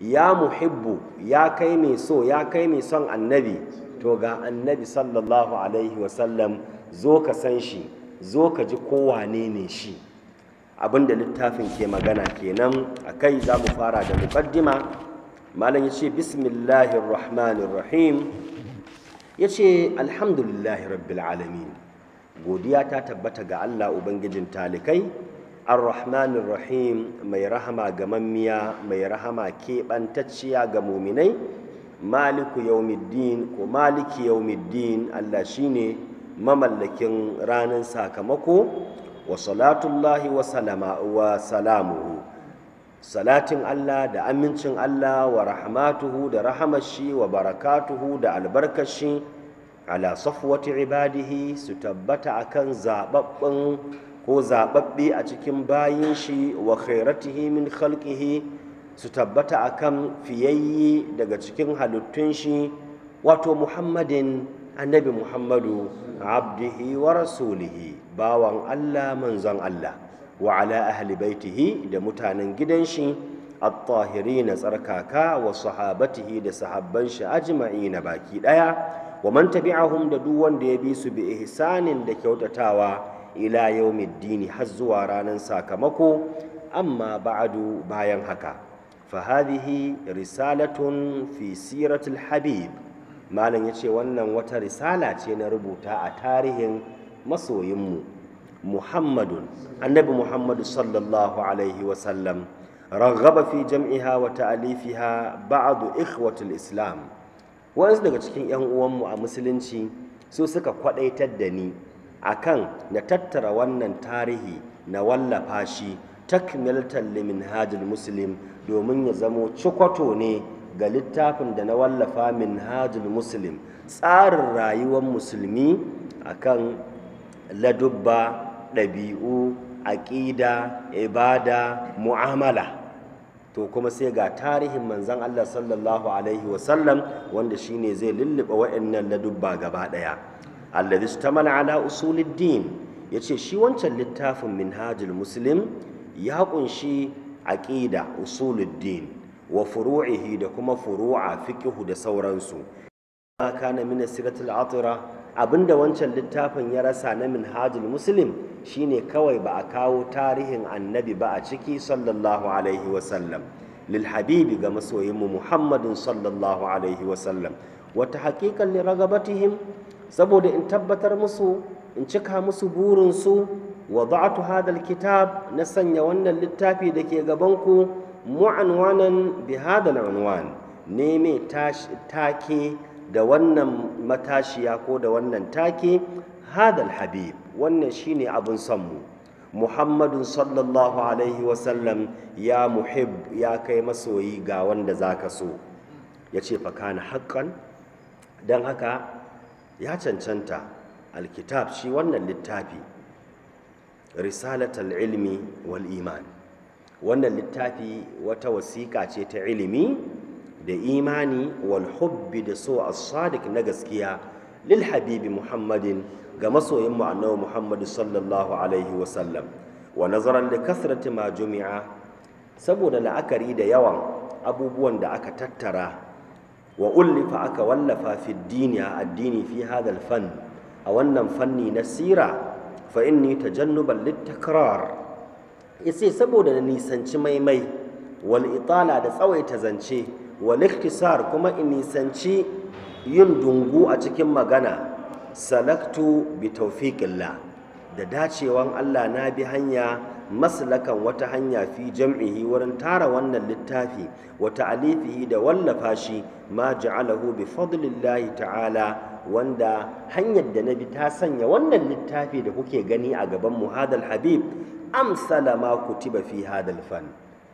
ya muhibbu ya kai mai so ya kai mai son annabi to ga annabi sallallahu alaihi wasallam zo ka san shi zo ka ji kowane ne shi abinda littafin ke magana kenan a kai za mu fara da muƙaddima malam ya ce bismillahir rahmanir rahim ya ce alhamdulillahi rabbil alamin godiya ta tabbata ga allah ubangijin talikai ar-rahmanir rahim mai rahama ga mammiya mai rahama keɓantacciya ga muminai maliku yaumiddin ko maliki yaumiddin Allah shine mamallakin ranar sakamako wa salatullahi wa salama wa salatin Allah da amincin Allah wa rahmatuhu da rahamashi wa barakatuhu da albarkashi ala safwati ibadihi su tabbata akan zababbin ko zaɓaɓɓe a cikin bayin shi wa khairatihi min khalqihi su tabbata akan fiyayye daga cikin halittun shi wato muhammadin annabi muhammadu abdihi wa rasulihi bawan allah manzon allah wa ala ahli baitihi da mutanen gidan shi a tahiri na tsarkaka wa sahabatihi da sahabban shi ajma'i na baki ɗaya wa man tabi'ahum da duk wanda ya bi su bi ihsanin da kyautatawa ila dini har zuwa ranar sakamako amma ba'adu bayan haka fa risalatun fi siratul habib malam ce wannan wata risala ce na rubuta a tarihin masoyinmu muhammadun annabi muhammadu sallallahu alaihi wasallam raghaba fi jam'iha wa ta'alifiha ba'adu ikhwatul islam wasu daga cikin 'yan uwanmu a musulunci su suka kwadaitar da ni akan na tattara wannan tarihi na wallafa shi takmilatan limin hajjil muslim domin ya zamo cikwato ne ga littafin da na wallafa min hajjil muslim tsarin rayuwar musulmi akan ladubba ɗabi'u aƙida ibada mu'amala to kuma sai ga tarihin manzan Allah sallallahu alaihi wasallam wanda shine zai lullube waɗannan ladubba gaba ɗaya alladhi istamana ala usuluddin yace shi wancan littafin minhajul muslim ya kunshi aqida usuluddin wa furu'ihi da kuma furu'a fiqhu da sauransu ma kana min siratul atira abinda wancan littafin ya rasa na minhajul muslim shine kawai ba a kawo tarihin annabi ba a ciki sallallahu alaihi lil habibi ga masoyinmu muhammadin sallallahu alaihi wasallam wata haƙiƙan li ragabatihim saboda in tabbatar musu in cika musu burinsu za'atu hadal kitab na sanya wannan littafi da ke gabanku mu'anwanan bi hadal unwan ne mai take da wannan matashiya ko da wannan take hadal habib wannan shine abun son mu muhammadun sallallahu alaihi wasallam ya muhib ya kai masoyi ga wanda zaka so ya ce fa kana haƙƙan don haka ya cancanta alkitab shi wannan littafi risalatal ilmi wal iman wannan littafi wata wasiƙa ce ta ilimi da imani wal hubbi da so a sadiq na gaskiya lil habibi muhammadin ga masoyin mu annabi muhammad sallallahu alaihi wa sallam wa nazaran li kasrati ma jumi'a saboda la'akari da yawan abubuwan da aka tattara wa ullifa aka wallafa fi a addini fi hadal fan a wannan fanni na sira fa inni tajannuban littakrar yace saboda na nisanci maimai wal itala da tsawaita zance wal iktisar kuma in nisanci yin dungu a cikin magana salaktu bi tawfiqillah da dacewan Allah na bi hanya maslakan wata hanya fi jam'ihi wurin tara wannan littafi wa ta'alifihi da wallafa shi ma ja'alahu bi fadlillahi ta'ala wanda hanyar da nabi ta sanya wannan littafi da kuke gani a gaban mu hadal habib amsala ma kutiba fi hadal fan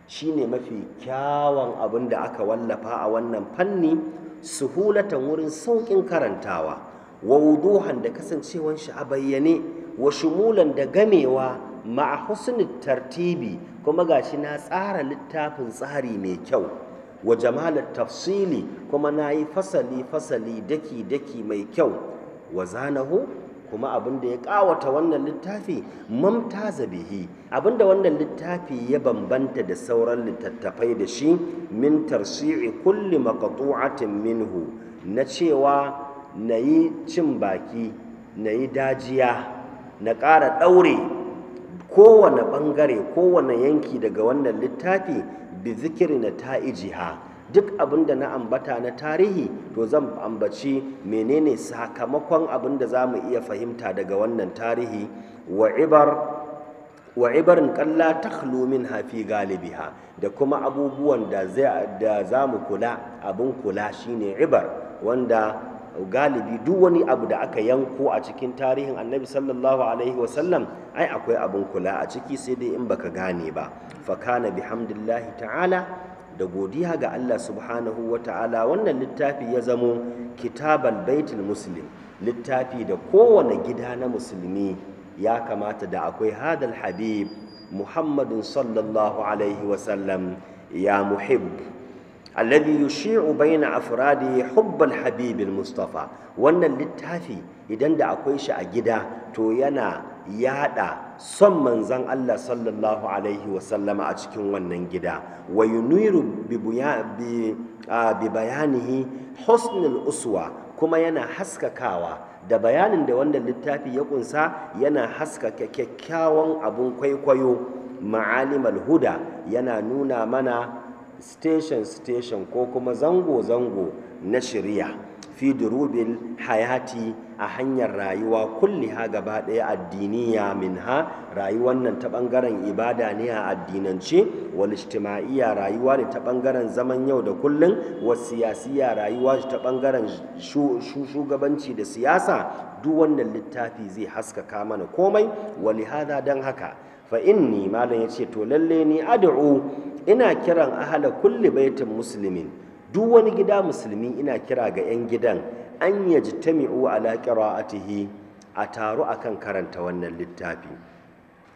shine mafi kyawan abin da aka wallafa a wannan fanni suhulatan wurin saukin karantawa wa wuduhan da kasancewan shi a bayyane wa shumulan da gamewa a husnul tartibi kuma ga shi na tsara littafin tsari mai kyau wa jamalar tafsili kuma na yi fasali fasali daki daki mai kyau wa zanahu kuma abin da ya kawata wannan littafi mamtaza bihi abin da wannan littafi ya bambanta da sauran littattafai da shi min tarsi'i kulli maqtu'atin minhu na cewa na yi cin baki na yi dajiya na ƙara ɗaure kowane ɓangare kowane yanki daga wannan littafi bi zikiri na jiha duk abin da na ambata na tarihi to zan ambaci menene sakamakon abin da za mu iya fahimta daga wannan tarihi wa ibar wa ibarin kalla ta min hafi galibiha da kuma abubuwan da za mu kula abin kula shine ibar wanda galibi duk wani abu da aka yanko a cikin tarihin annabi sallallahu alaihi wasallam ai akwai abin kula a ciki sai dai in baka gane ba fakana bihamdillahi ta'ala da godiya ga Allah subhanahu wa ta'ala wannan littafi ya zamo kitabal baitul muslim littafi da kowane gida na musulmi ya kamata da akwai hadal habib muhammadin sallallahu alaihi wasallam ya muhib alladhi yushi'u bayna afradi hubbal habibil mustafa wannan littafi idan da akwai shi a gida to yana yada son manzan Allah sallallahu alaihi a cikin wannan gida wa yuniru bi bayanihi husnul uswa kuma yana haskakawa da bayanin da wannan littafi ya kunsa yana haskaka kyakkyawan abun kwaikwayo ma'alimal huda yana nuna mana station-station ko kuma zango-zango na shirya fi durubin hayati a hanyar rayuwa kulliha gaba ɗaya addiniya minha rayuwar nan ta ɓangaren ibada ne a addinance wani shtima'iya rayuwa ne ta ɓangaren zaman yau da kullun wa siyasiya rayuwa ta ɓangaren shugabanci da siyasa duk wannan littafi zai haskaka mana komai wa lihada don haka fa ni, malam ya ce to lalle ni ad'u ina kiran ahala kulli baitin muslimin duk wani gida musulmi ina kira ga 'yan gidan an yajtami'u ala qira'atihi a taru akan karanta wannan littafi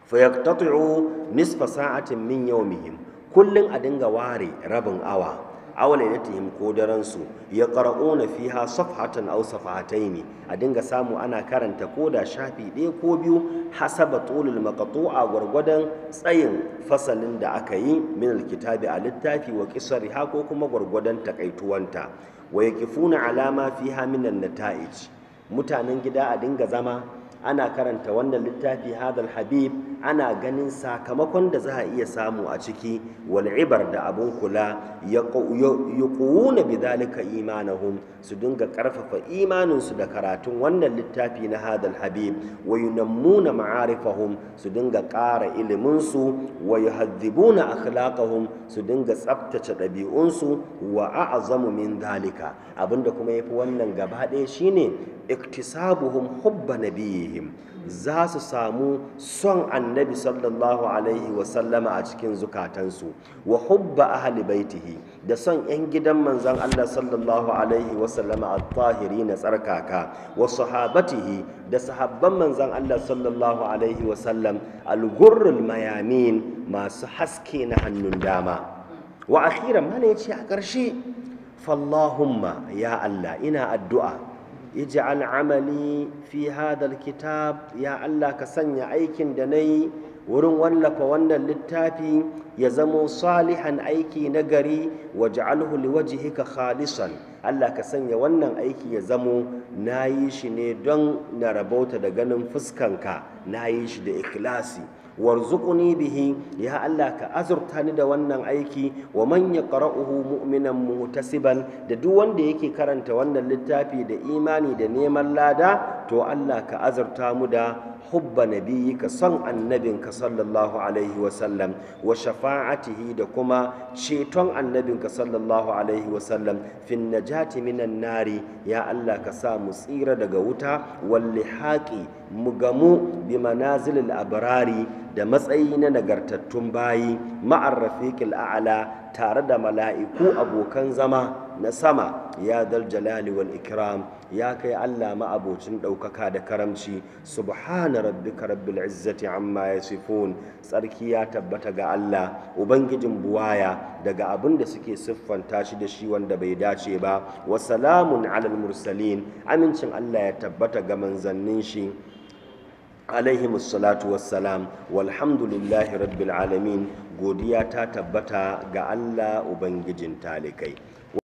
fa yaqtati'u nisfa sa'atin min yawmihim kullun a dinga ware rabin awa aw lailatihim ko daren su yaqra'una fiha safhatan safhatai ne a dinga samu ana karanta ko da shafi ɗaya ko biyu hasaba makato a gwargwadon tsayin fasalin da aka yi min alkitabi a littafi wa qisariha ko kuma gwargwadon takaituwanta wa yaqifuna alama fi fiha min nataij mutanen gida a dinga zama ana karanta wannan littafi hadal habib ana ganin sakamakon da za a iya samu a ciki wal da abun kula ya ƙuwuna bi zalika imanahum su dinga ƙarfafa imaninsu da karatun wannan littafi na hadal habib wa yunammuna ma'arifahum su dinga ƙara iliminsu wa yuhadhibuna akhlaqahum su dinga tsaftace ɗabi'unsu wa a'zamu min zalika abinda kuma yafi wannan gaba ɗaya shine iktisabuhum hubba nabiyihim za su samu son annabi sallallahu alaihi wasallama a cikin zukatansu wa hubba ahli baitihi da son 'yan gidan manzon Allah sallallahu alaihi wasallama al-tahiri na tsarkaka wa sahabatihi da sahabban manzon Allah sallallahu alaihi wasallam al-gurrul mayamin masu haske na hannun dama wa akhiran mana ya ce a ƙarshe fallahumma ya Allah ina addu'a ij'al amali fi hadal kitab ya Allah ka sanya aikin da nayi wurin wallafa wannan littafi ya zamo salihan aiki na gari waj'alhu liwajhika khalisan Allah ka sanya wannan aiki ya zamo nayi shi ne don na rabauta da ganin fuskanka nayi shi da ikhlasi warzuqni bihi ya Allah ka azurta ni da wannan aiki wa man yaqra'uhu mu'minan muhtasiban da duk wanda yake karanta wannan littafi da imani da neman lada to Allah ka azurta mu da hubba nabiyyika son annabinka sallallahu alaihi wa sallam wa shafa'atihi da kuma ceton annabinka sallallahu alaihi wa sallam fin najati minan nari ya Allah ka sa mu tsira daga wuta wal lihaqi mu gamu bi manazilil abrari da matsayi na nagartattun bayi ma'arrafe rafiqil tare da mala'iku abokan zama na sama ya dal jalali wal ikram ya kai Allah ma'abocin ɗaukaka da karamci subhana rabbika rabbil izzati amma yasifun tsarki ya tabbata ga Allah ubangijin buwaya daga abin da suke siffanta shi da shi wanda bai dace ba wa salamun alal mursalin amincin Allah ya tabbata ga manzannin shi alaihi musallatu wassalam walhamdulillahi rabbil alamin godiya ta tabbata ga Allah ubangijin talikai